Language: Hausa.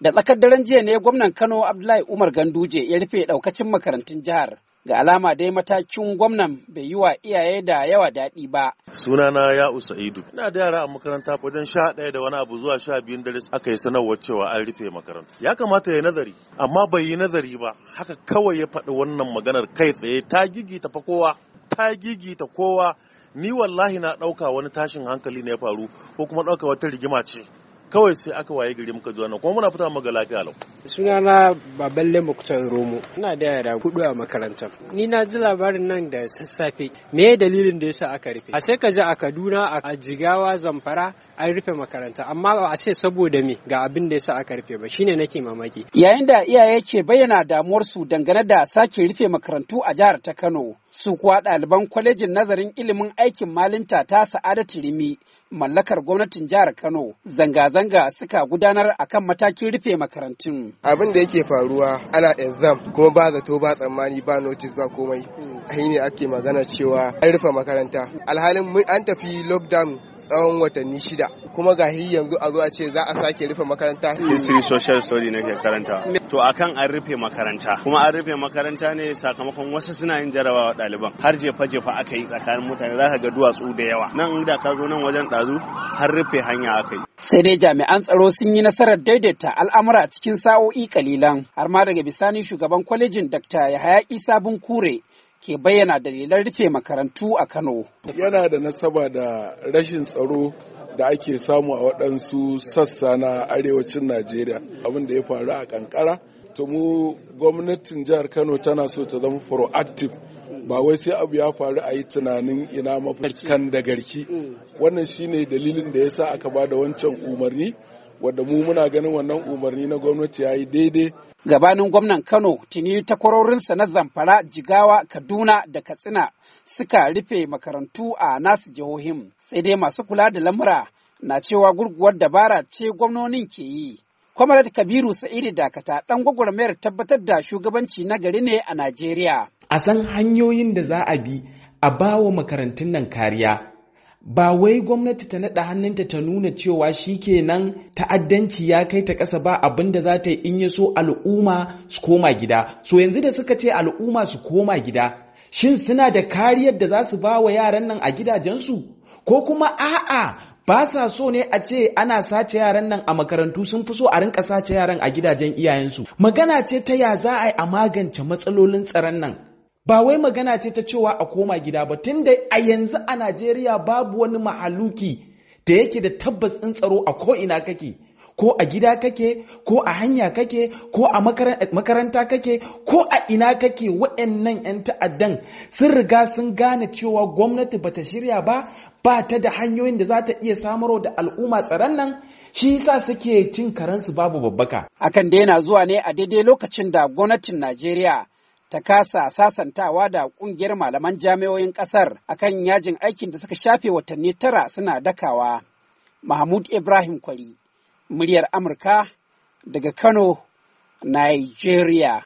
Da tsakar daren jiya ne gwamnan Kano Abdullahi Umar Ganduje ya rufe ɗaukacin makarantun jihar. Ga alama dai matakin gwamnan bai yi wa iyaye da yawa daɗi ba. Sunana ya Usaidu. Ina da yara a makaranta wajen sha ɗaya da wani abu zuwa sha biyun dare aka yi sanarwar cewa an rufe makaranta. Ya kamata ya nazari, amma bai yi nazari ba. Haka kawai ya faɗi wannan maganar kai tsaye ta gigita fa kowa. Ta gigita kowa. Ni wallahi na ɗauka wani tashin hankali ne ya faru ko kuma ɗauka wata rigima ce. kawai sai aka waye gari muka ji wannan kuma muna fita maga lafiya lau sunana baballe muktar romo ina da yara hudu a makaranta ni na ji labarin nan da sassafe me dalilin da yasa aka rufe a sai ka ji a Kaduna a Jigawa Zamfara an rufe makaranta amma a ce saboda me ga abin da yasa aka rufe ba shine nake mamaki yayin da iyaye ke bayyana damuwarsu dangane da sake rufe makarantu a jihar ta Kano Su kuwa ɗaliban kwalejin nazarin ilimin aikin malinta ta Sa'adatu Rimi mallakar gwamnatin jihar Kano zanga-zanga suka gudanar a kan matakin rufe makarantun. Abin da yake faruwa ana exam kuma ba zato ba tsammani ba notice ba komai. Ahi hmm. ne ake magana cewa an rufe makaranta. Alhalin an tafi lockdown tsawon watanni shida kuma ga yanzu a zo a ce za a sake rufe makaranta history social study nake karanta to akan an rufe makaranta kuma an rufe makaranta ne sakamakon wasu suna yin jarabawa ɗaliban har jefa jefa aka yi tsakanin mutane za ka ga duwatsu da yawa nan da ka zo nan wajen ɗazu har rufe hanya aka yi sai dai jami'an tsaro sun yi nasarar daidaita al'amura cikin sa'o'i kalilan har ma daga bisani shugaban kwalejin dakta yahaya isa kure ke bayyana dalilan rufe makarantu a kano yana da nasaba da rashin tsaro da ake samu a waɗansu sassa na arewacin najeriya abin da ya faru a kankara to mu gwamnatin jihar kano tana so ta zama proactive ba wai sai abu ya faru a yi tunanin ina mafarkan da garki mm. wannan shine dalilin da ya sa aka ba da wancan umarni wadda mu muna ganin wannan umarni na gwamnati ya yi daidai. Gabanin gwamnan Kano tuni takwarorinsa na Zamfara, Jigawa, Kaduna da Katsina suka rufe makarantu a nasu jihohin sai dai masu kula da lamura na cewa gurguwar dabara ce gwamnonin ke yi. Kwamarat Kabiru Sa'idu Dakata ɗan gwagwarmayar tabbatar da shugabanci na gari ne a Najeriya. A san hanyoyin da za a bi a bawa makarantun nan kariya ba wai gwamnati ta naɗa hannunta ta nuna cewa shi kenan ta'addanci ya kai ta ƙasa ba abin da za ta yi in ya so al'umma su koma gida so yanzu da suka ce al'umma su koma gida shin suna da kariyar da za su ba wa yaran nan a gidajensu ko kuma a'a ba sa so ne a ce ana sace yaran nan a makarantu sun fi so a rinka sace yaran a gidajen iyayensu magana ce ta ya za a yi a magance matsalolin tsaron nan ba wai magana ce ta cewa a koma gida ba tun da a yanzu a Najeriya babu wani mahaluki da yake da tabbas in tsaro a koina kake ko a gida kake ko a hanya kake ko a makaranta kake ko a ina kake waɗannan 'yan ta'addan sun riga sun gane cewa gwamnati bata shirya ba ba ta da hanyoyin da za ta iya samarwa da al'umma tsaron nan shi yasa suke cin karensu babu babbaka akan daina zuwa ne a daidai lokacin da gwamnatin Najeriya ta kasa sasantawa da kungiyar malaman jami'oyin kasar akan yajin aikin da suka shafe watanni tara suna dakawa. Mahmud Ibrahim Kwari, muryar Amurka daga Kano, Nigeria.